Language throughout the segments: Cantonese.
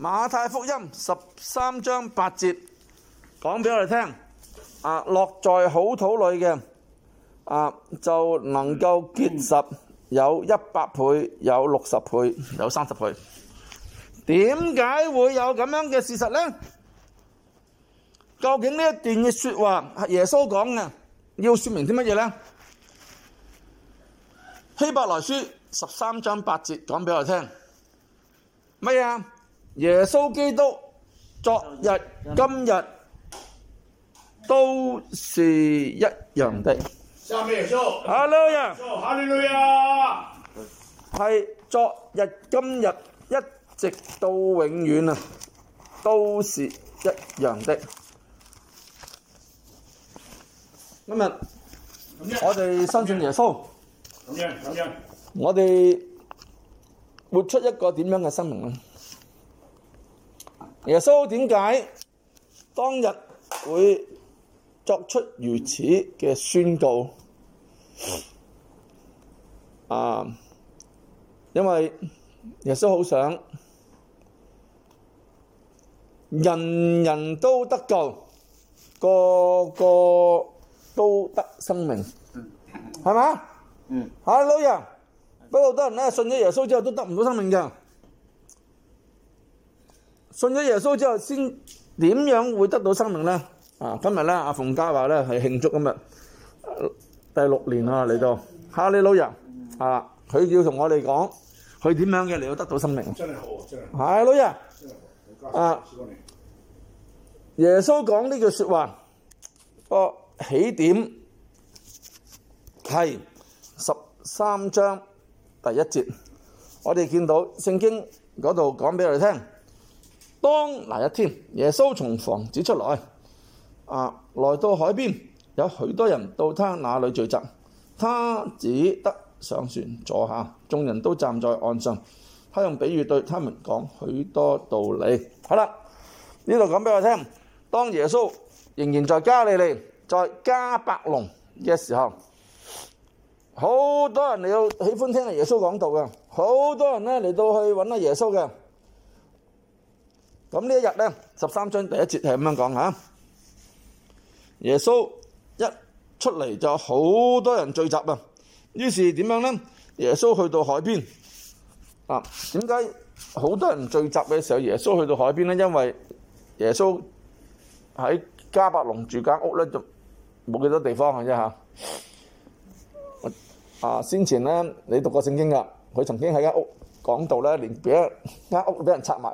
馬太福音十三章八節講俾我哋聽：啊，落在好土裏嘅，啊就能夠結實，有一百倍、有六十倍、有三十倍。點解會有咁樣嘅事實呢？究竟呢一段嘅說話係耶穌講嘅，要說明啲乜嘢呢？希伯來書十三章八節講俾我哋聽：乜嘢？耶穌基督，昨日、今日都是一樣的。哈囉耶穌，Hello 呀，哈利路亞，係昨日、今日一直到永遠啊，都是一樣的。今日我哋相信耶穌，咁樣咁樣，我哋活出一個點樣嘅生命啊？耶穌點解當日會作出如此嘅宣告？啊，因為耶穌好想人人都得救，個個都得生命，係嘛？啊，老爺，不過好多人呢，信耶穌之後都得唔到生命㗎。信咗耶穌之後，先點樣會得到生命咧？啊，今日咧，阿馮嘉華咧係慶祝今日第六年啊嚟到。哈利路亞啊，佢要同我哋講佢點樣嘅嚟到得到生命。真係好，真係係哈利路亞啊！耶穌講呢句說話，個起點係十三章第一節。我哋見到聖經嗰度講俾我哋聽。當那一天，耶穌從房子出來，啊，來到海邊，有許多人到他那裏聚集，他只得上船坐下，眾人都站在岸上。他用比喻對他們講許多道理。好啦，呢度講俾我聽。當耶穌仍然在加利利，在加百隆嘅時候，好多人嚟到喜歡聽阿耶穌講道嘅，好多人咧嚟到去揾阿耶穌嘅。咁呢一日咧，十三章第一節係咁樣講吓。耶穌一出嚟就有好多人聚集啊。於是點樣咧？耶穌去到海邊啊？點解好多人聚集嘅時候，耶穌去到海邊咧？因為耶穌喺迦百農住間屋咧，就冇幾多地方嘅啫嚇。啊，先前咧，你讀過聖經噶，佢曾經喺間屋講道咧，連俾間屋俾人拆埋。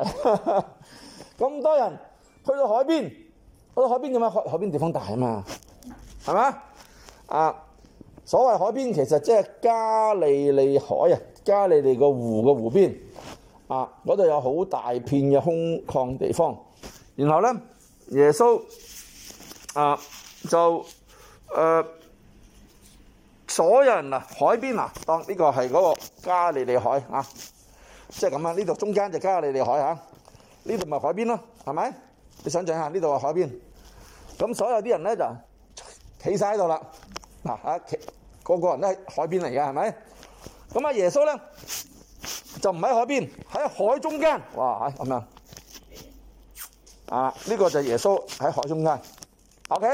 咁多人去到海邊，去到海邊嘅嘛，海海邊地方大啊嘛，係嘛？啊，所謂海邊其實即係加利利海啊，加利利個湖嘅湖邊啊，嗰度有好大片嘅空曠地方。然後咧，耶穌啊，就誒，所有人啊，海邊啊，當呢個係嗰個加利利海啊，即係咁啊，呢度中間就加利利海啊。呢度咪海邊咯，係咪？你想象下，呢度係海邊。咁所有啲人咧就企晒喺度啦。嗱，啊，企，個個人都係海邊嚟嘅，係咪？咁啊，耶穌咧就唔喺海邊，喺海中間。哇，咁樣啊，呢個就係耶穌喺海中間。OK。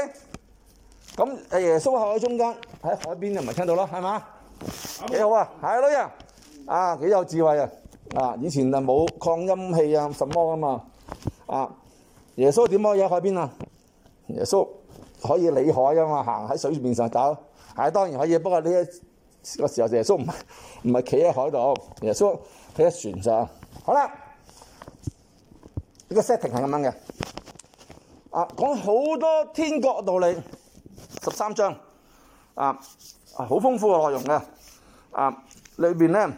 咁誒，耶穌喺海中間，喺海邊就咪聽到咯，係嘛？幾好啊，係啊，老爺，啊，幾有智慧啊！啊！以前就冇擴音器啊，什麼啊嘛？啊！耶穌點可以喺海邊啊？耶穌可以理海噶嘛？行喺水面上走，係當然可以。不過呢個時候耶穌唔係，耶穌唔唔係企喺海度，耶穌企喺船上。好啦，呢、呢個 setting 係咁樣嘅。啊，講好多天國道理，十三章啊，好豐富嘅內容嘅。啊，裏邊咧～、啊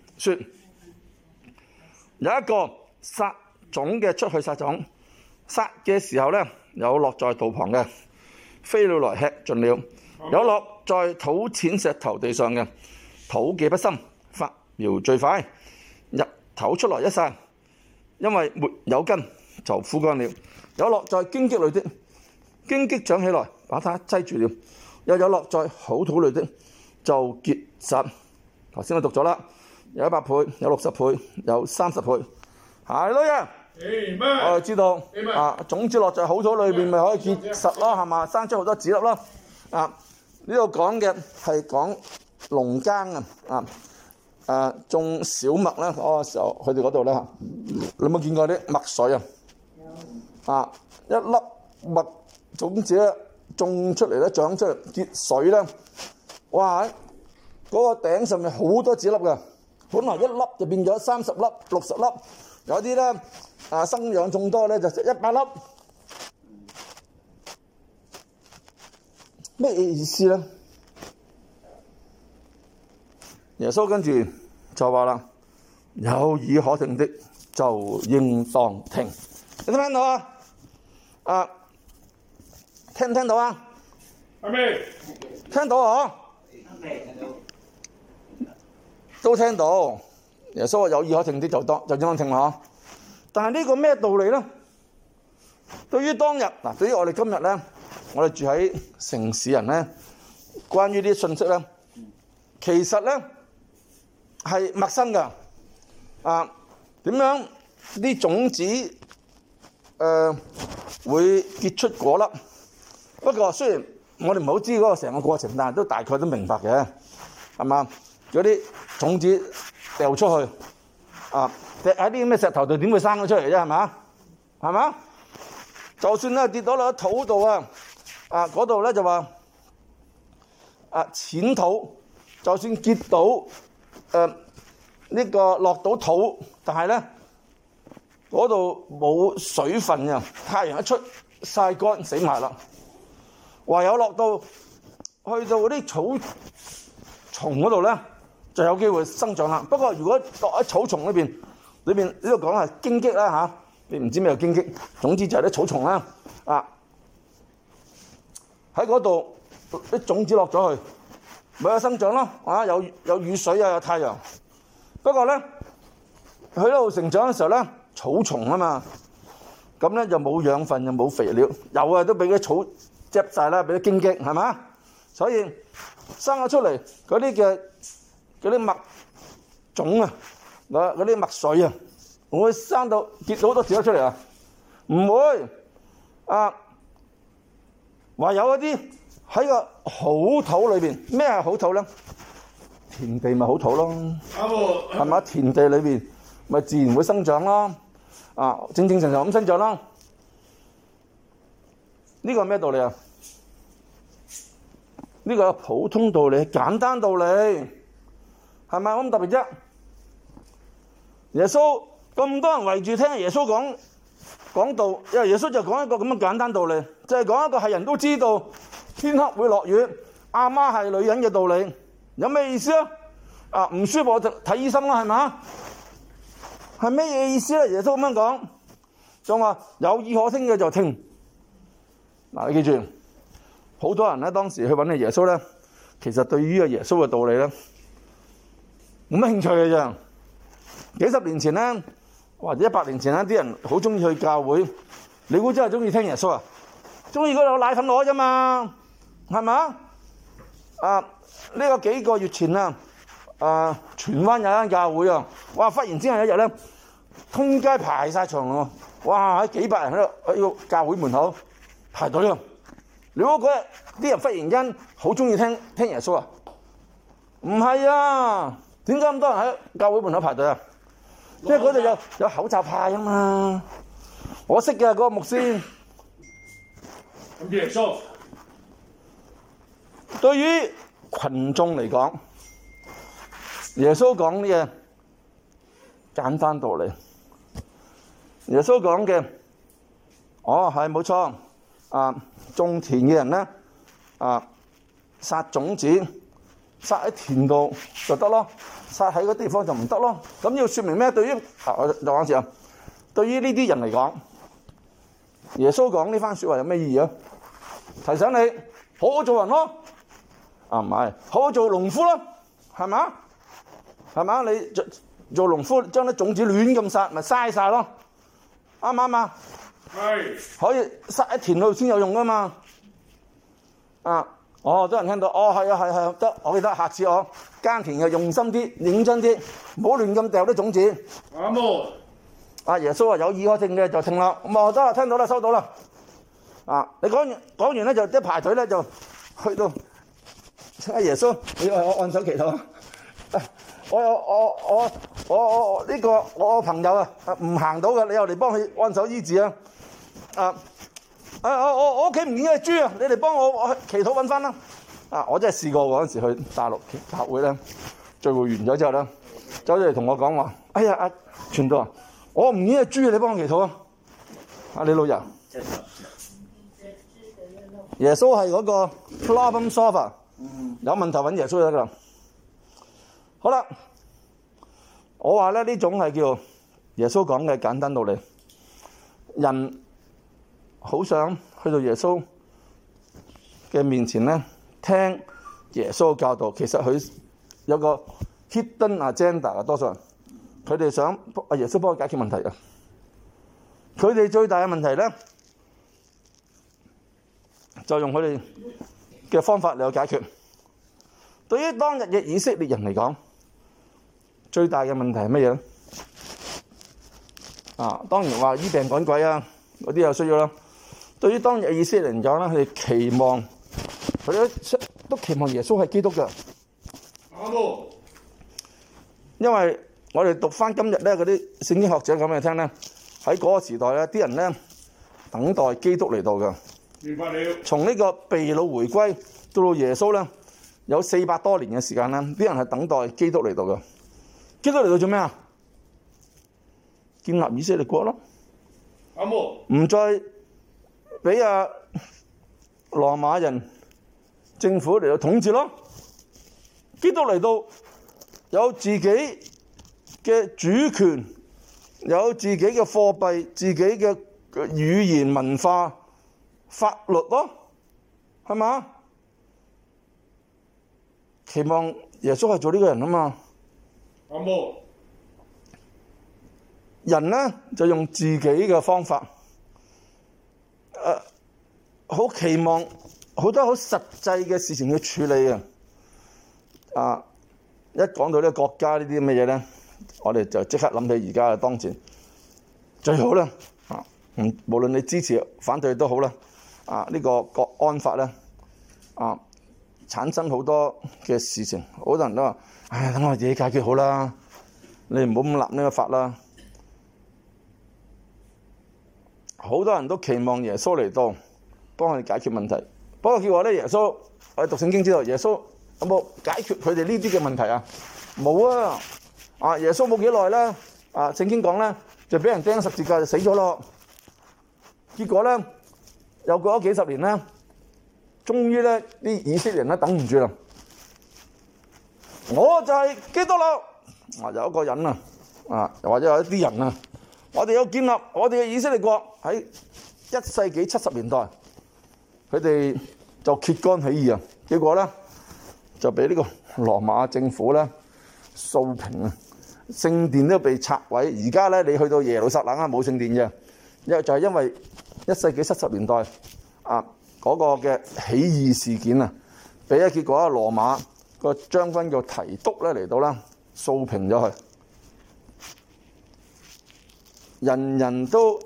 説，有一個撒種嘅出去撒種，撒嘅時候咧，有落在道旁嘅，飛鳥來吃盡了；有落在土淺石頭地上嘅，土既不深，發苗最快，日頭出來一曬，因為沒有根就枯乾了。有落在荊棘裏的，荊棘長起來把它擠住了，又有落在好土裏的就結實。頭先我讀咗啦。有一百倍，有六十倍，有三十倍，係咯啊！我哋知道啊，種子落在好土裏邊，咪可以結實咯，係嘛？生出好多籽粒咯。啊，呢度講嘅係講農耕啊，啊，誒種小麥咧嗰個時候，佢哋嗰度咧嚇，你有冇見過啲麥穗啊？有啊！一粒麥種子種出嚟咧，長出嚟結穗咧，哇！嗰個頂上面好多籽粒㗎。本來一粒就變咗三十粒、六十粒，有啲咧啊生養眾多咧就食一百粒，咩意思咧？耶穌跟住就話啦：有耳可聽的就應當聽。你聽唔聽到啊？啊，聽唔聽到啊？阿妹，聽到啊！都聽到耶穌話有耳可聽啲就當就當聽啦嚇，但係呢個咩道理咧？對於當日嗱，對於我哋今日咧，我哋住喺城市人咧，關於啲信息咧，其實咧係陌生嘅啊！點樣啲種子誒會結出果粒？不過雖然我哋唔好知嗰個成個過程，但係都大概都明白嘅，係咪？有啲種子掉出去，啊，跌喺啲咩石頭度，點會生咗出嚟啫？係咪？係咪？就算呢跌咗落土度啊，啊嗰度呢就話啊淺土，就算結到，誒、啊、呢、這個落到土，但係呢嗰度冇水分嘅，太陽一出曬乾死埋啦。唯有落到去到嗰啲草叢嗰度呢。就有機會生長啦。不過，如果落喺草叢裏邊，裏邊呢度講係荊棘啦嚇，你唔知咩叫荊棘。總之就係啲草叢啦啊，喺嗰度啲種子落咗去，咪有生長咯。啊，有有雨水啊，有太陽。不過咧，佢喺度成長嘅時候咧，草叢啊嘛，咁咧又冇養分，又冇肥料。有啊，都俾啲草擳曬啦，俾啲荊棘，係嘛？所以生咗出嚟嗰啲嘅。嗰啲麥種啊，嗱嗰啲麥穗啊，會生到結到好多條出嚟啊？唔會啊。還有一啲喺個好土裏邊，咩係好土咧？田地咪好土咯，係嘛？田地裏邊咪自然會生長咯，啊，正正常常咁生長咯。呢個係咩道理啊？呢個普通道理，簡單道理。係咪咁特別啫？耶穌咁多人圍住聽耶穌講講道，因為耶穌就講一個咁樣簡單道理，就係、是、講一個係人都知道天黑會落雨，阿媽係女人嘅道理，有咩意思啊？啊，唔舒服我就睇醫生啦，係咪？係咩意思咧？耶穌咁樣講，仲話有耳可聽嘅就聽嗱、啊。你記住，好多人咧，當時去揾阿耶穌咧，其實對於阿耶穌嘅道理咧。冇乜興趣嘅咋、啊？幾十年前啦，或者一百年前啦，啲人好中意去教會。你估真係中意聽耶穌啊？中意嗰度奶粉攞啫嘛？係咪啊？呢、這個幾個月前啦，啊，荃灣有間教會啊，哇！忽然之間有一日咧，通街排晒場咯，哇！幾百人喺度喺個教會門口排隊咯、啊。你估嗰日啲人忽然間好中意聽聽耶穌啊？唔係啊！點解咁多人喺教會門口排隊啊？因為嗰度有有口罩派啊嘛。我識嘅嗰個牧師。咁耶穌對於群眾嚟講，耶穌講啲嘢簡單道理。耶穌講嘅，哦係冇錯。啊，種田嘅人咧，啊，撒種子。撒喺田度就得咯，撒喺嗰啲地方就唔得咯。咁要說明咩？對於、啊、我對於呢啲人嚟講，耶穌講呢番說話有咩意義啊？提醒你好好做人咯，啊唔係，好好做農夫咯，係嘛？係嘛？你做做農夫，將啲種子亂咁撒，咪嘥晒咯，啱唔啱啊？可以撒喺田度先有用㗎嘛？啊！哦，多人聽到，哦係啊係係得，我記得下次我耕田又用心啲，認真啲，唔好亂咁掉啲種子。阿、啊、摩，阿耶穌啊，有耳可聽嘅就聽啦，咁啊得啦，聽到啦，收到啦。啊，你講完講完咧就即排隊咧就去到阿、啊、耶穌，你為我按手祈禱、啊、我有我我我我呢、這個我朋友啊唔行到嘅，你又嚟幫佢按手醫治啊。啊。哎、我我我屋企唔見隻豬啊！你哋幫我我祈禱揾翻啦！啊！我真係試過嗰陣時候去大陸協會咧聚會完咗之後咧，走咗嚟同我講話，哎呀！阿傳道，我唔見咗隻豬，你幫我祈禱啊！你、啊、老友，耶穌係嗰個 problem solver，有問題揾耶穌得噶啦。好啦，我話咧呢這種係叫耶穌講嘅簡單道理，人。好想去到耶穌嘅面前咧，聽耶穌嘅教導。其實佢有個 hidden agenda 啊，多數人佢哋想阿耶穌幫佢解決問題啊。佢哋最大嘅問題咧，就用佢哋嘅方法嚟去解決。對於當日嘅以色列人嚟講，最大嘅問題係乜嘢咧？啊，當然話醫病趕鬼啊，嗰啲有需要啦。對於當日以色列人嚟講咧，佢哋期望佢哋都期望耶穌係基督嘅。阿木，因為我哋讀返今日咧，嗰啲聖經學者講俾你聽咧，喺嗰個時代咧，啲人咧等待基督嚟到嘅。明白了。從呢個被擄回歸到到耶穌咧，有四百多年嘅時間咧，啲人係等待基督嚟到嘅。基督嚟到做咩啊？建立以色列國咯。阿木，唔再。比俾啊羅馬人政府嚟到統治咯，基督嚟到有自己嘅主權，有自己嘅貨幣、自己嘅語言、文化、法律咯，係嘛？期望耶穌係做呢個人的嘛？阿木，人呢，就用自己嘅方法。誒、啊，好期望好多好實際嘅事情去處理嘅、啊。啊，一講到呢個國家呢啲咁嘅嘢咧，我哋就即刻諗起而家嘅當前最好啦。啊，唔無論你支持反對都好啦。啊，呢個國安法咧，啊產生好多嘅事情，好多人都話：，唉、哎，等我自己解決好啦，你唔好咁立呢個法啦。好多人都期望耶穌來到幫佢哋解決問題。不過結果咧，耶穌我們讀聖經知道耶穌有冇解決佢哋呢啲嘅問題啊？冇啊！啊，耶穌冇幾耐啦，啊，聖經講呢就畀人釘十字架就死咗咯。結果呢又過咗幾十年呢，終於呢啲以色列人咧等唔住啦。我就係基督佬，有一個人啊，啊，或者有一啲人啊。我哋有建立我哋嘅以色列國，喺一世紀七十年代，佢哋就揭竿起義啊！結果咧就俾呢個羅馬政府咧掃平啊，聖殿都被拆毀。而家咧你去到耶路撒冷啊，冇聖殿嘅，因為就係因為一世紀七十年代啊嗰個嘅起義事件啊，俾一結果啊，羅馬個將軍叫提督咧嚟到啦，掃平咗佢。人人都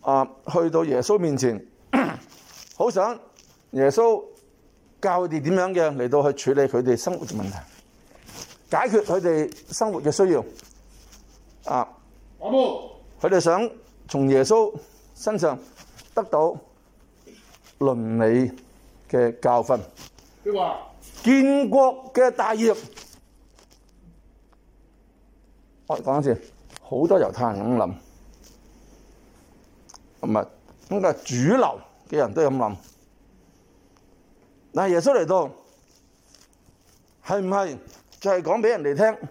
啊去到耶穌面前，好想耶穌教佢哋點樣嘅嚟到去處理佢哋生活嘅問題，解決佢哋生活嘅需要啊！佢哋想從耶穌身上得到倫理嘅教訓。你話建國嘅大業，我講一次。好多猶太人咁諗，咁啊，咁嘅主流嘅人都咁諗，但係耶穌嚟到，係唔係就係講俾人哋聽？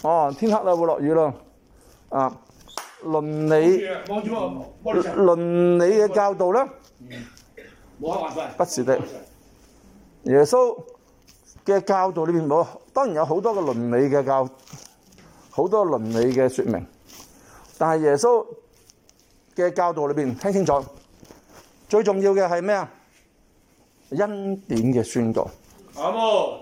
哦，天黑啦，會落雨咯，啊，倫理，倫理嘅教導咧，唔，冇客話費，不是的，耶穌嘅教導裏面冇，當然有好多嘅倫理嘅教。好多倫理嘅說明，但係耶穌嘅教導裏邊，聽清楚，最重要嘅係咩啊？恩典嘅宣告，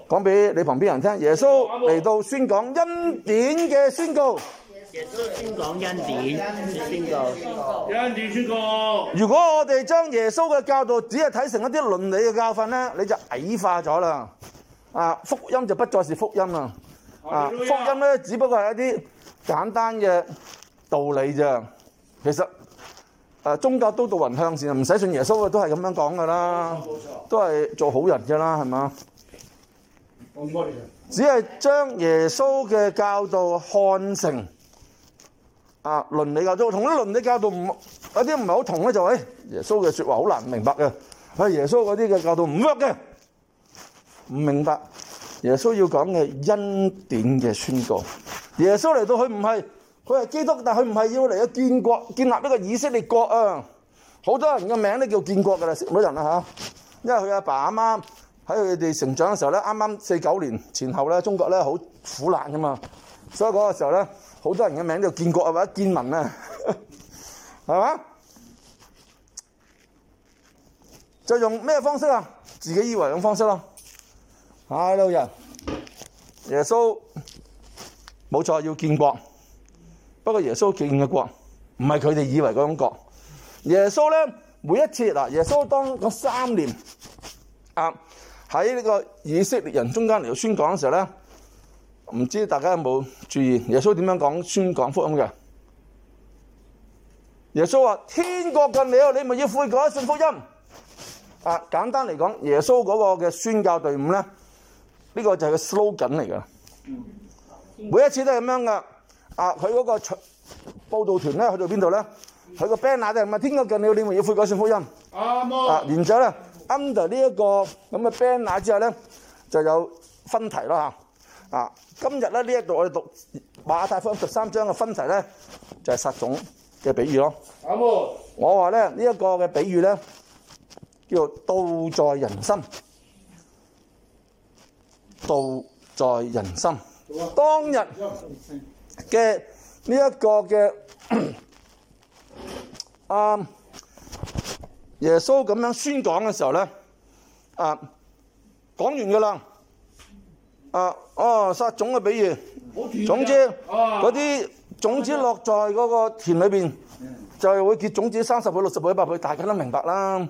講俾你旁邊人聽。耶穌嚟到宣講恩典嘅宣告。耶穌宣講恩典嘅宣告。恩典宣告。如果我哋將耶穌嘅教導只係睇成一啲倫理嘅教訓咧，你就矮化咗啦。啊，福音就不再是福音啦。啊！福音咧，只不過係一啲簡單嘅道理咋。其實誒宗、啊、教都導人向善，唔使信耶穌嘅都係咁樣講噶啦，都係做好人嘅啦，係嘛？只係將耶穌嘅教導看成啊倫理教導，同啲倫理教導唔有啲唔係好同咧，就係、哎、耶穌嘅說話好難明白嘅，係耶穌嗰啲嘅教導唔 work 嘅，唔明白。耶穌要講嘅恩典嘅宣告，耶穌嚟到佢唔係佢係基督，但係佢唔係要嚟去建國建立呢個以色列國啊！好多人嘅名咧叫建國噶啦，識唔識人啦吓？因為佢阿爸阿媽喺佢哋成長嘅時候咧，啱啱四九年前後咧，中國咧好苦難噶嘛，所以嗰個時候咧，好多人嘅名叫建國啊，或者建民啊，係嘛？就用咩方式啊？自己以為嘅方式咯。h e l 啊！老人，耶穌冇錯，要建國。不過耶穌建嘅國唔係佢哋以為嗰種國。耶穌呢，每一次耶穌當嗰三年啊喺呢個以色列人中間嚟到宣講嘅時候咧，唔知大家有冇注意耶穌點樣講宣講福音嘅？耶穌話：天國近了，你咪要悔改信福音。啊，簡單嚟講，耶穌嗰個嘅宣教隊伍呢呢、這個就係個 s l o g a 嚟噶，每一次都係咁樣噶。啊，佢嗰個報道團咧去到邊度咧？佢個 band 嗱定係咪天國近你，你咪要悔改信福音。啊，啊！然後呢這這之後咧 under 呢一個咁嘅 band 嗱之後咧，就有分題啦嚇。啊，啊，今日咧呢一度我哋讀馬太福音十三章嘅分題咧，就係實種嘅比喻咯、啊。我話咧呢一個嘅比喻咧，叫做道在人心。道在人心。當日嘅呢一個嘅啊，耶穌咁樣宣講嘅時候咧，啊講完噶啦，啊哦撒種嘅比喻，總之嗰啲種子落在嗰個田裏邊，就係會結種子三十倍、六十倍、一百倍，大家都明白啦。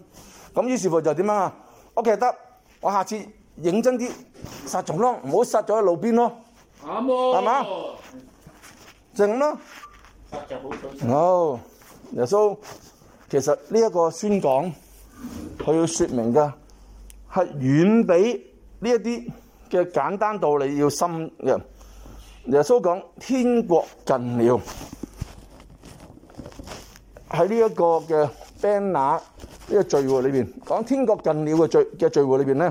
咁於是乎就點樣啊？O K 得，我下次。認真啲殺蟲咯，唔好殺咗喺路邊咯，啱嘛？就咁咯，正就好。哦，耶穌其實呢一個宣講，佢要説明嘅係遠比呢一啲嘅簡單道理要深嘅。耶穌講天國近了，喺呢一個嘅 banner 呢個聚會裏邊講天國近了嘅聚嘅聚會裏邊咧。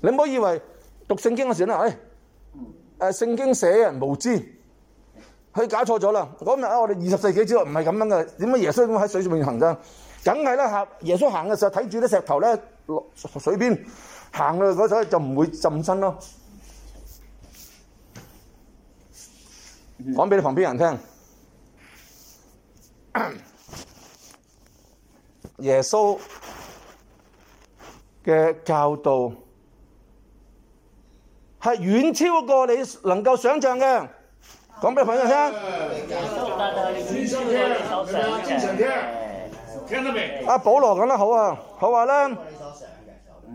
你唔好以為讀聖經就算啦，唉，誒，聖經寫人無知，佢搞錯咗啦。嗰日啊，我哋二十世紀之後唔係咁樣嘅，點解耶穌咁喺水上面行啫？梗係啦，吓耶穌行嘅時候睇住啲石頭咧落水邊行啊，嗰時就唔會浸身咯。講俾你旁邊人聽，耶穌嘅教導。係遠超過你能夠想象嘅，講俾朋友聽。阿、啊啊、保羅講得好啊，好話咧，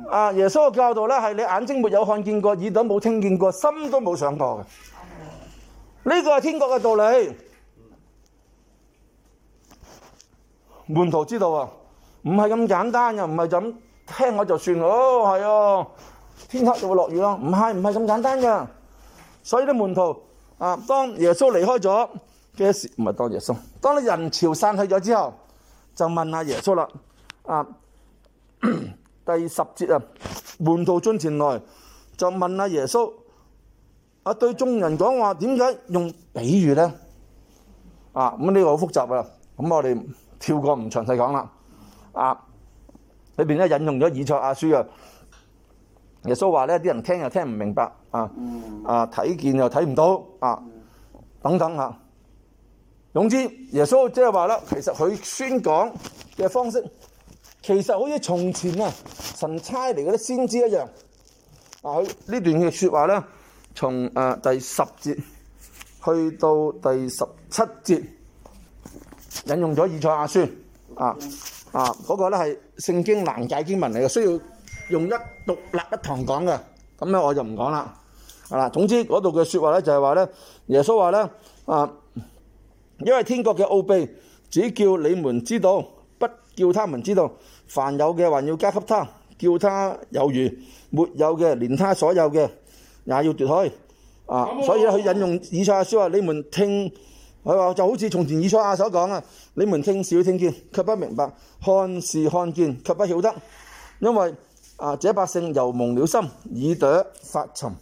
啊耶穌嘅教導咧係你眼睛沒有看見過，耳朵冇聽見過，心都冇想過嘅。呢、這個係天國嘅道理，門徒知道啊，唔係咁簡單嘅，唔係就咁聽我就算咯，係、哦、啊。天黑就會落雨咯，唔係唔係咁簡單噶，所以啲門徒啊，當耶穌離開咗嘅時，唔係當耶穌，當人潮散去咗之後，就問下、啊、耶穌啦，啊 第十節啊，門徒進前來就問下、啊、耶穌，啊對眾人講話，點解用比喻咧？啊咁呢個好複雜的我們跳了啊，咁我哋跳過唔詳細講啦，啊裏邊咧引用咗以賽亞、啊、書啊。耶穌話咧，啲人聽又聽唔明白，啊啊睇見又睇唔到，啊等等吓。總之，耶穌即係話啦，其實佢宣講嘅方式，其實好似從前啊神差嚟嗰啲先知一樣。佢呢段嘅說話咧，從誒第十節去到第十七節，引用咗以賽亞書，啊啊嗰個咧係聖經難解經文嚟嘅，需要。用一獨立一堂講嘅咁咧，我就唔講啦。啊，總之嗰度嘅説話咧就係話咧，耶穌話咧啊，因為天國嘅奧秘，只叫你們知道，不叫他們知道。凡有嘅還要加給他，叫他有餘；沒有嘅，連他所有嘅也要奪去。啊，所以咧，佢引用以賽亞書話：「你們聽，佢話就好似從前以賽亞所講啊。你們聽是要聽見，卻不明白；看是看見，卻不曉得，因為。啊！這百姓又蒙了心，耳朵發沉，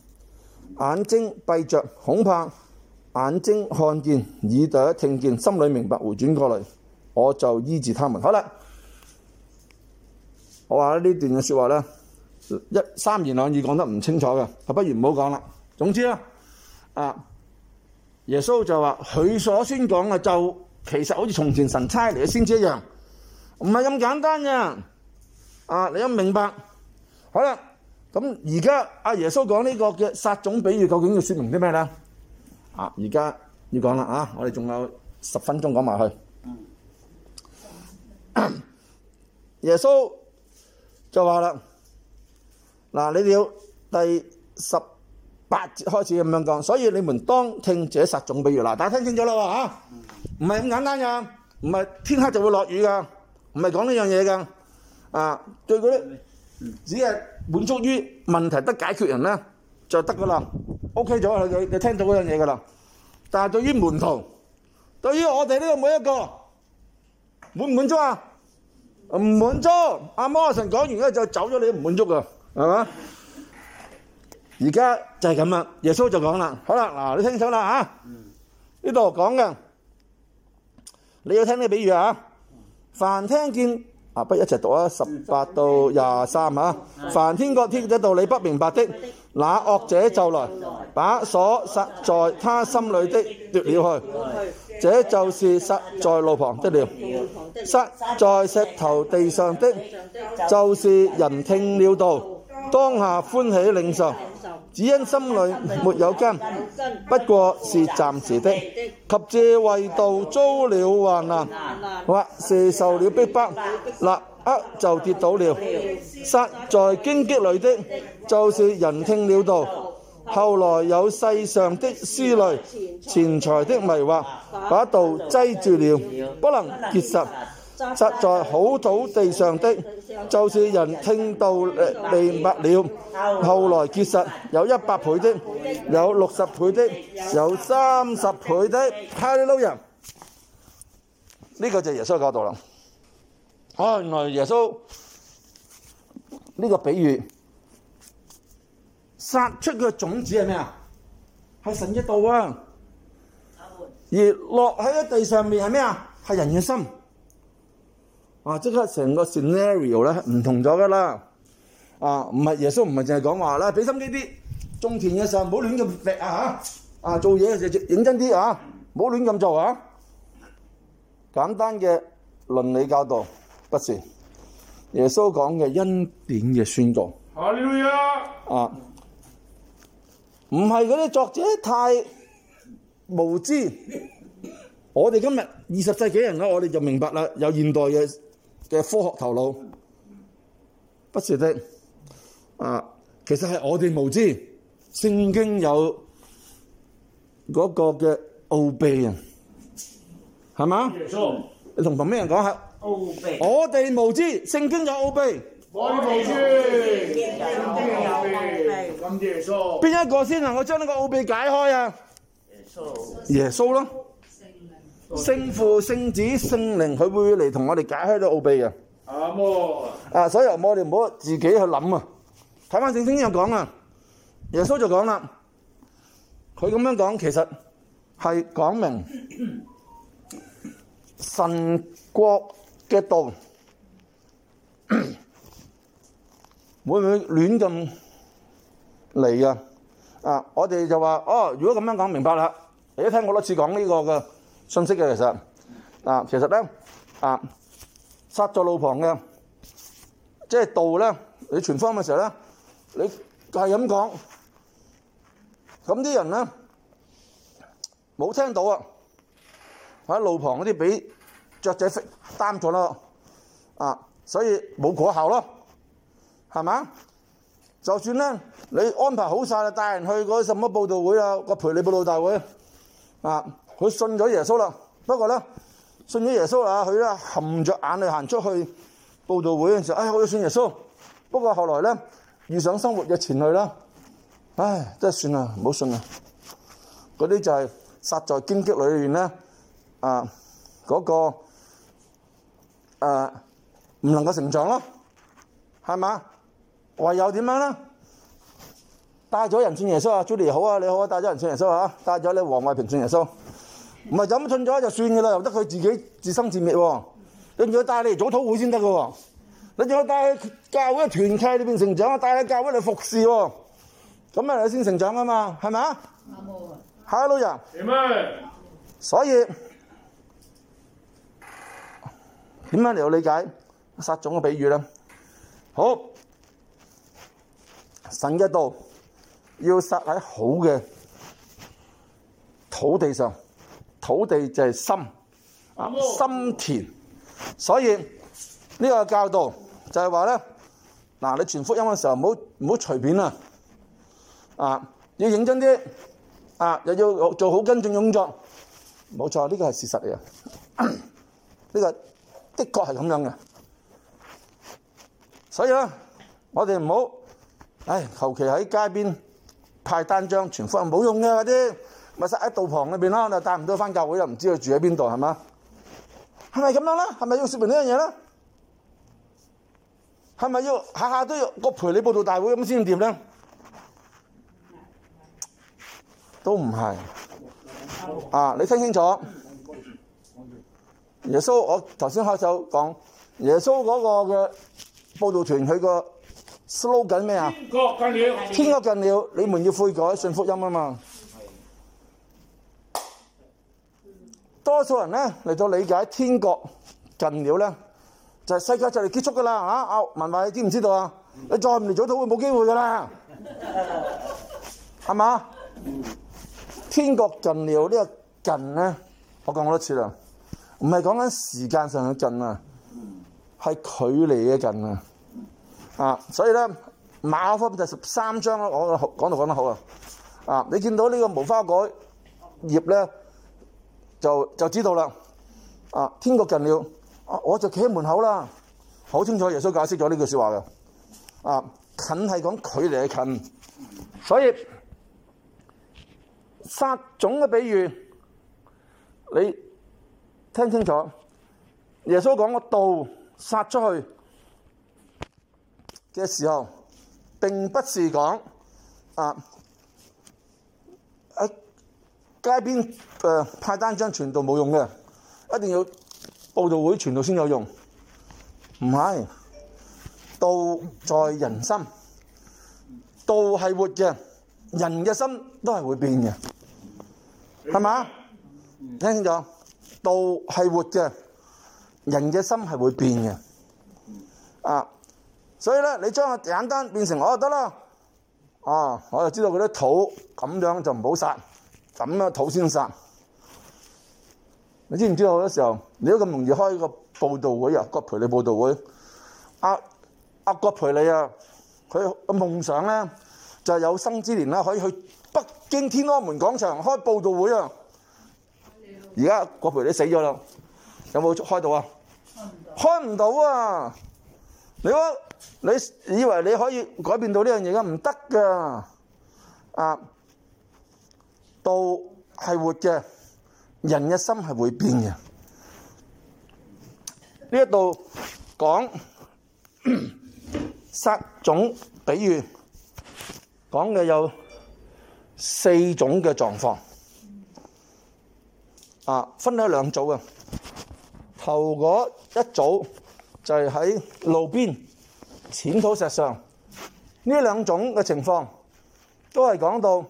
眼睛閉着，恐怕眼睛看見，耳朵聽見，心裏明白，回轉過來，我就醫治他們。好啦，我話呢段嘅説話咧，一三言兩語講得唔清楚嘅，不如唔好講啦。總之咧，啊，耶穌就話，佢所宣講嘅就其實好似從前神差嚟嘅先知一樣，唔係咁簡單嘅。啊，你要明白。好啦，咁而家阿耶穌講呢個嘅撒種比喻，究竟要說明啲咩咧？啊，而家要講啦啊，我哋仲有十分鐘講埋去。耶穌就話啦，嗱，你哋要第十八節開始咁樣講，所以你們當聽這撒種比喻啦。大家聽清楚啦，吓，唔係咁簡單噶，唔係天黑就會落雨噶，唔係講呢樣嘢噶，啊，對嗰啲。只係滿足於問題得解決人呢，人咧就得噶啦。OK 咗，你你聽到嗰樣嘢噶啦。但係對於門徒，對於我哋呢個每一個滿唔滿足啊？唔滿足。阿摩阿神講完咧就走咗，你唔滿足噶，係嘛？而家就係咁啦。耶穌就講啦，好啦，嗱，你聽清楚啦吓。呢度講嘅，你要聽呢個比喻啊。凡聽見。啊！不一齊讀啊！十八到廿三啊！凡天國天嘅道理不明白的，那惡者就來把所撒在他心裏的奪了去。這就是撒在路旁的了，撒在石頭地上的就是人聽了道，當下歡喜領受。只因心裏沒有根，不過是暫時的；及至為道遭了患難，或是受了逼迫，立刻就跌倒了。撒在荊棘裏的，就是人聽了道，後來有世上的思慮、錢財的迷惑，把道擠住了，不能結實。撒在好土地上的，就是人聽到明白了，後來結實，有一百倍的，有六十倍的，有三十倍的。哈利路亞！呢個就係耶穌教導啦。哦，原來耶穌呢個比喻撒出嘅種子係咩啊？係神嘅道啊。而落喺地上面係咩啊？係人嘅心。啊！即刻成個 scenario 咧，唔同咗噶啦。啊，唔係耶穌唔係淨係講話啦，俾心機啲種田嘅時候唔好亂咁劈啊吓，啊做嘢嘅時候認真啲啊，唔好亂咁做啊。簡單嘅倫理教導，不是耶穌講嘅恩典嘅宣告。啊！唔係嗰啲作者太無知。我哋今日二十世紀人啦，我哋就明白啦，有現代嘅。嘅科學頭腦，不是的，啊，其實係我哋無知，聖經有嗰個嘅奧秘啊，係嘛？耶穌，你同同咩人講下？奧秘，我哋無知，聖經有奧秘。我哋無知，聖經有奧秘。耶穌，邊一個先能夠將呢個奧秘解開啊？耶穌，耶穌咯。聖父、聖子、聖靈，佢會唔會嚟同我哋解開啲奧秘嘅。阿摩，啊，所以我哋你唔好自己去諗啊！睇返聖經又講啊，耶穌就講啦，佢咁樣講，其實係講明神國嘅道會唔會亂咁嚟啊？啊，我哋就話哦，如果咁樣講，明白啦。你都聽我多次講呢個嘅。信息嘅其實嗱，其實咧啊，撒在路旁嘅，即係道咧，你傳福音嘅時候咧，你係咁講，咁啲人咧冇聽到啊，喺路旁嗰啲俾雀仔擔住咯啊，所以冇果效咯，係嘛？就算咧，你安排好晒，帶人去嗰什麼佈道會啊，葛培理佈道大會啊。佢信咗耶穌啦，不過咧信咗耶穌啊，佢咧含着眼淚行出去佈道會嗰陣時，哎，我要信耶穌。不過後來咧遇上生活嘅前去啦，唉、哎，真係算啦，唔好信啦。嗰啲就係撒在荊棘裏面咧啊，嗰、那個啊唔能夠成長咯，係嘛？唯有點樣啦？帶咗人信耶穌啊，Judy 好啊，你好啊，帶咗人信耶穌啊，帶咗你黃偉平信耶穌。唔係走咁進咗就算噶啦，由得佢自己自生自滅、哦。你仲要帶嚟組土會先得噶，你仲要帶教會團契裏面成長，我帶佢教會嚟服侍、哦，咁咪先成長噶嘛？係咪啊？阿穆啊！Hello、yeah? 嗯。所以點樣嚟理解撒種嘅比喻呢？好，神嘅道要撒喺好嘅土地上。土地就係心，心田，所以呢個教導就係話咧，嗱，你傳福音嘅時候唔好唔好隨便啊，啊要認真啲，啊又要做好跟進嘅工作，冇錯，呢個係事實嚟嘅，呢個的確係咁樣嘅，所以咧我哋唔好，唉，求其喺街邊派單張傳福音冇用嘅嗰啲。咪是喺道旁裏邊啦，又帶唔到返教會，又唔知道住喺邊度，係嘛？係咪咁樣咧？係咪要說明這呢樣嘢咧？係咪要下下都要我陪你報道大會咁先掂咧？都唔係啊，你聽清楚。耶穌，我頭先開頭講耶穌嗰個嘅報道團，佢個 slogan 係咩啊？天國近了，天國近了，你們要悔改信福音啊嘛。多數人咧嚟到理解天國近了咧，就係世界就嚟結束噶啦吓！阿文偉你知唔知道啊？你再唔嚟早到，會冇機會噶啦，係嘛？天國近了呢個近咧，我講好多次啦，唔係講緊時間上嘅近啊，係距離嘅近啊，啊！所以咧馬可就十三章咧，我講到講得好啊，啊！你見到呢個無花果葉咧？就就知道啦，啊，天國近了，我我就企喺門口啦，好清楚耶穌解釋咗呢句說話嘅，啊，近係講距離嘅近，所以撒種嘅比喻，你聽清楚，耶穌講個道撒出去嘅時候，並不是講啊。街邊誒、呃、派單張傳道冇用嘅，一定要報道會傳道先有用。唔係道在人心，道係活嘅，人嘅心都係會變嘅，係嘛？聽清楚，道係活嘅，人嘅心係會變嘅啊。所以咧，你將個簡單變成我就得啦啊，我就知道佢啲土咁樣就唔好殺。咁啊，土先生，你知唔知好多時候你都咁容易開個佈道會啊？葛培理佈道會，阿阿葛培理啊，佢個夢想咧就係、是、有生之年啦可以去北京天安門廣場開佈道會啊！而家葛培理死咗啦，有冇開到啊？開唔到，啊！你說你以為你可以改變到呢樣嘢嘅？唔得噶，啊！道係活嘅，人嘅心係會變嘅。呢一度講撒種比喻，講嘅有四種嘅狀況，啊，分開兩組嘅。頭嗰一組就係喺路邊、淺土石上呢兩種嘅情況，都係講到。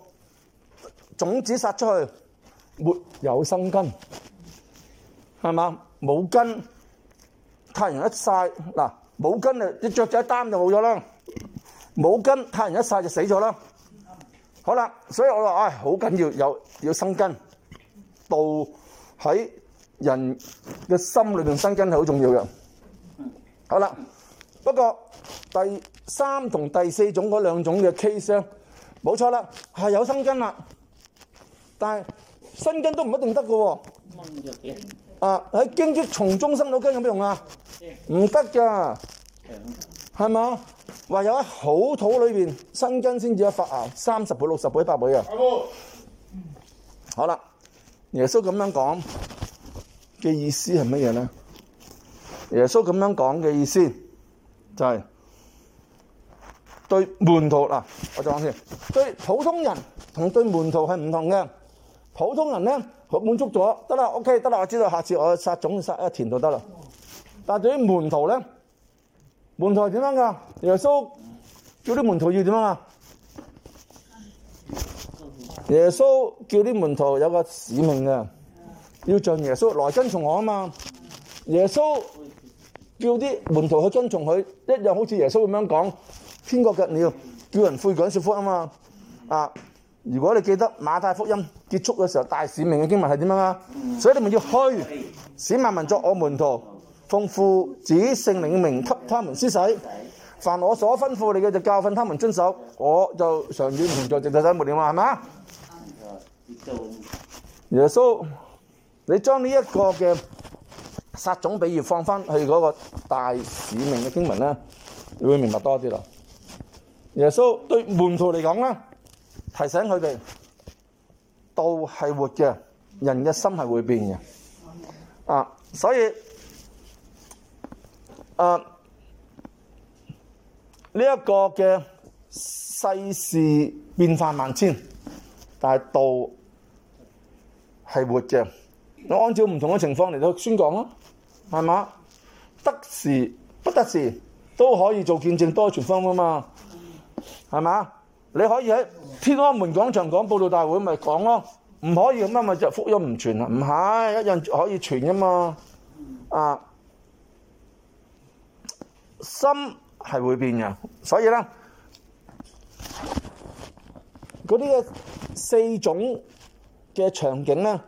種子撒出去，沒有生根，係嘛？冇根，太陽一曬，嗱，冇根啊！你著住一擔就冇咗啦，冇根，太陽一曬就死咗啦。好啦，所以我話，唉，好緊要，有要生根，到喺人嘅心裏邊生根係好重要嘅。好啦，不過第三同第四種嗰兩種嘅 case，冇錯啦，係有生根啦。但係生根都唔一定得嘅喎，啊？喺荊棘叢中生到根有咩用啊？唔得㗎，係咪？唯有喺好土裏邊生根先至一發芽，三十倍、六十倍、一百倍嘅。好啦，耶穌咁樣講嘅意思係乜嘢咧？耶穌咁樣講嘅意思就係對門徒嗱，我再講先，對普通人同對門徒係唔同嘅。普通人咧，佢滿足咗得啦，OK，得啦，我知道下次我撒種撒一田就得啦。但係對於門徒咧，門徒係點樣噶？耶穌叫啲門徒要點樣啊？耶穌叫啲門徒有個使命嘅，要像耶穌來跟從我啊嘛。耶穌叫啲門徒去跟從佢，一樣好似耶穌咁樣講天國嘅鳥，叫人悔改受福啊嘛啊！如果你記得馬太福音結束嘅時候，大使命嘅經文係點樣啊？所以你哋要去，使萬民作我門徒，奉父子聖靈嘅名給他們施洗，凡我所吩咐你嘅就教訓他們遵守，我就常與你們同在地帶使沒點啊？係嘛？耶穌，你將呢一個嘅撒種比喻放翻去嗰個大使命嘅經文咧，你會明白多啲咯。耶穌對門徒嚟講咧。提醒佢哋，道係活嘅，人嘅心係會變嘅，啊，所以，誒，呢一個嘅世事變化萬千，但係道係活嘅，我按照唔同嘅情況嚟到宣講咯，係嘛？得時不得時都可以做見證多存方啊嘛，係嘛？你可以喺天安門廣場講佈道大會，咪講咯，唔可以咁樣咪就福音唔傳啦，唔係一樣可以傳噶嘛，啊，心係會變嘅，所以咧嗰啲嘅四種嘅場景咧，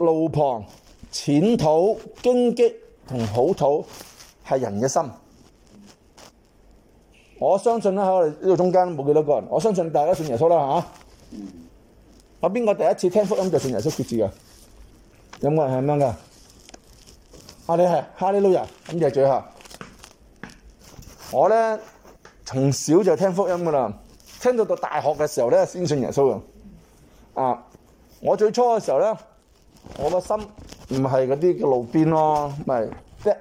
路旁淺土、荊棘同好土係人嘅心。我相信咧，喺我哋呢度中間冇幾多個人。我相信大家信耶穌啦，吓。啊，邊個第一次聽福音就信耶穌決志嘅？有冇人係咁樣噶啊，你係哈利路亞，咁就係最後。我咧從小就聽福音噶啦，聽到到大學嘅時候咧先信耶穌嘅。啊，我最初嘅時候咧，我個心唔係嗰啲嘅路邊咯，咪即係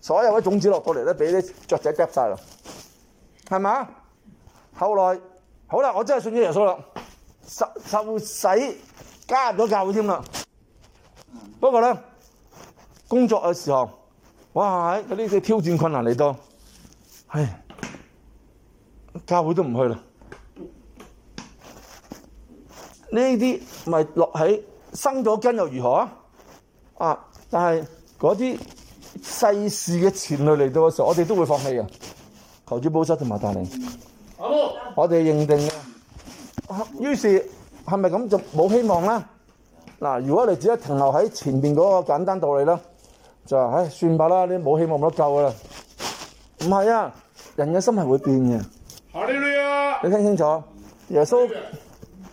所有嘅種子落到嚟，都俾啲雀仔夾晒咯。係嘛？後來好啦，我真係信咗耶穌啦，受受洗加入咗教會添啦。不過咧，工作嘅時候，哇，喺呢啲挑戰困難嚟到係教會都唔去啦。呢啲咪落喺生咗根又如何啊？啊！但係嗰啲世事嘅前路嚟到嘅時候，我哋都會放棄嘅。求主保守同埋帶領，我哋認定嘅，於是係咪咁就冇希望啦？嗱，如果你只係停留喺前邊嗰個簡單道理咧，就話唉算吧啦，你冇希望冇得救噶啦。唔係啊，人嘅心係會變嘅。你聽清楚，耶穌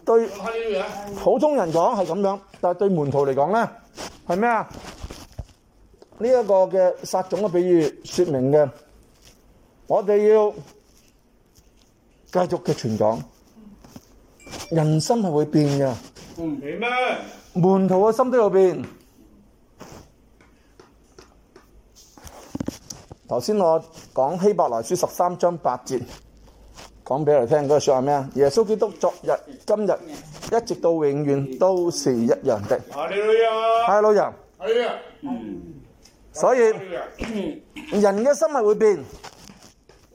對普通人講係咁樣，但係對門徒嚟講咧係咩啊？呢一個嘅撒種嘅比喻說明嘅。我哋要繼續嘅傳講，人心係會變嘅。唔起咩？門徒嘅心都要變。頭先我講希伯來書十三章八節，講俾你聽嗰句説話咩啊？耶穌基督昨日、今日一直到永遠都是一樣嘅。係老樣。係老樣。係啊。嗯。所以人嘅心係會變。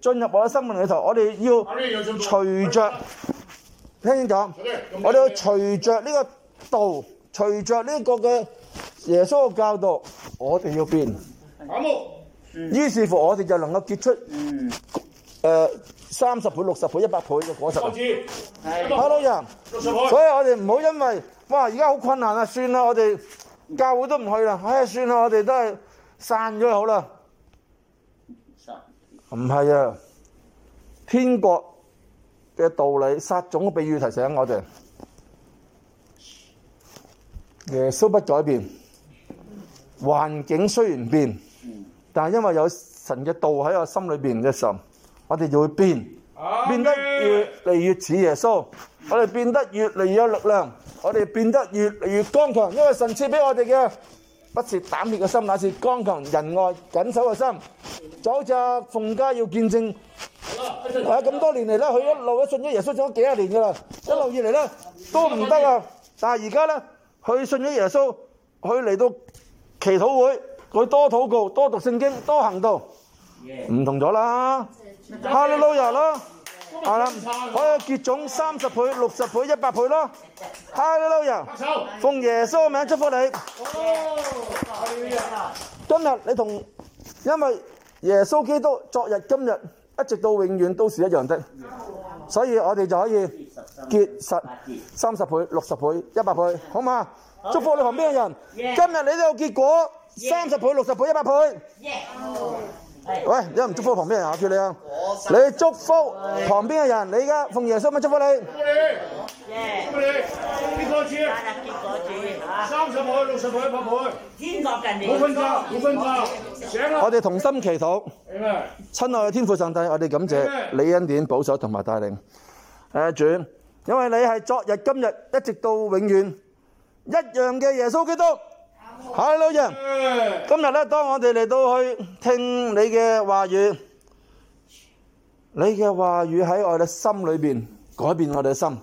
進入我嘅生命裏頭，我哋要隨着聽清楚，我哋要隨着呢個道，隨着呢個嘅耶穌嘅教導，我哋要變。於是乎，我哋就能夠結出誒三十倍、六十倍、一百倍嘅果實。阿老人，所以我哋唔好因為哇，而家好困難啊，算啦，我哋教會都唔去啦，唉，算啦，我哋都係散咗好啦。唔係啊！天國嘅道理，撒種嘅比喻提醒我哋，耶穌不改變，環境雖然變，但係因為有神嘅道喺我心裏邊嘅時候，我哋就會變，變得越嚟越似耶穌，我哋變得越嚟越有力量，我哋變得越嚟越剛強，因為神賜俾我哋嘅。不是膽怯嘅心，乃是剛強仁愛緊守嘅心。就好似馮家要見證，喺咁多年嚟咧，佢一路都信咗耶穌咗幾十年噶啦，一路以嚟咧都唔得啊。但係而家咧，佢信咗耶穌，佢嚟到祈禱會，佢多禱告，多讀聖經，多行道，唔同咗啦。哈利路亞咯，係啦，可以結種三十倍、六十倍、一百倍咯。哈利路亞，奉耶穌嘅名祝福你。今日你同因為耶穌基督，昨日今日一直到永遠都是一樣的，所以我哋就可以結實三十倍、六十倍、一百倍，好嘛？祝福你旁邊嘅人，今日你都有結果，三十倍、六十倍、一百倍。喂，而家唔祝福旁邊人吓住你啊！你祝福旁邊嘅人，你而家奉耶穌咩祝福你？祝福你，祝福你，結果主，結果主，三十倍、六十倍、百倍，天國近了，冇瞓覺，冇瞓覺，上。我哋同心祈禱，親愛嘅天父上帝，我哋感謝你恩典保守同埋帶領。誒，主，因為你係昨日、今日一直到永遠一樣嘅耶穌基督。係，老人，今日咧，當我哋嚟到去聽你嘅話語，你嘅話語喺我哋心裏邊改變我哋嘅心。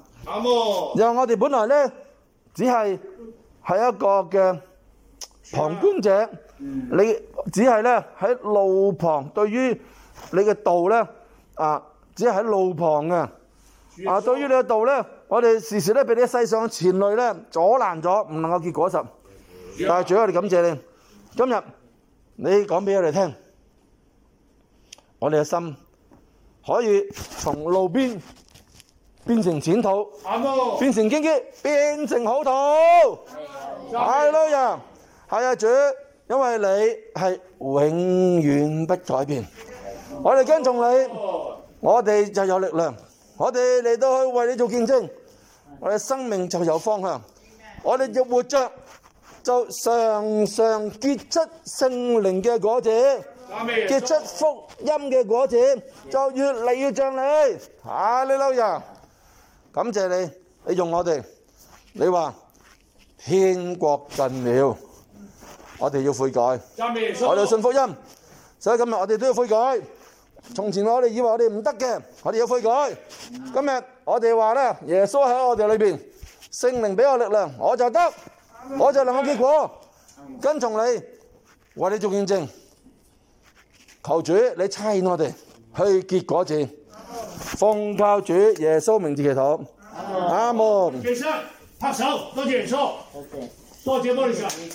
又我哋本來咧，只係係一個嘅旁觀者，你只係咧喺路旁，對於你嘅道咧，啊，只係喺路旁嘅。啊，對於你嘅道咧，我哋時時咧俾你世上嘅前慮咧阻攔咗，唔能夠結果實。但係主，我哋感謝你。今日你講俾我哋聽，我哋嘅心可以從路邊變成淺土，變成荊棘，變成好土。係咯呀，係啊主，因為你係永遠不改變。我哋跟從你，我哋就有力量。我哋嚟到去為你做見證，我哋生命就有方向。我哋要活着，就常常結出聖靈嘅果子，結出福音嘅果子，就越嚟越像你。啊，你老人，感謝你，你用我哋，你話天國近了，我哋要悔改，我哋信福音，所以今日我哋都要悔改。從前我哋以為我哋唔得嘅，我哋要悔改。今日我哋話咧，耶穌喺我哋裏邊，聖靈俾我力量，我就得。我就能夠結果，跟從你，為你做見證，求主你差遣我哋去結果子，奉靠主耶穌名字祈禱，阿、嗯、門。起、嗯、身、嗯嗯、拍手，多謝耶穌，多謝多謝。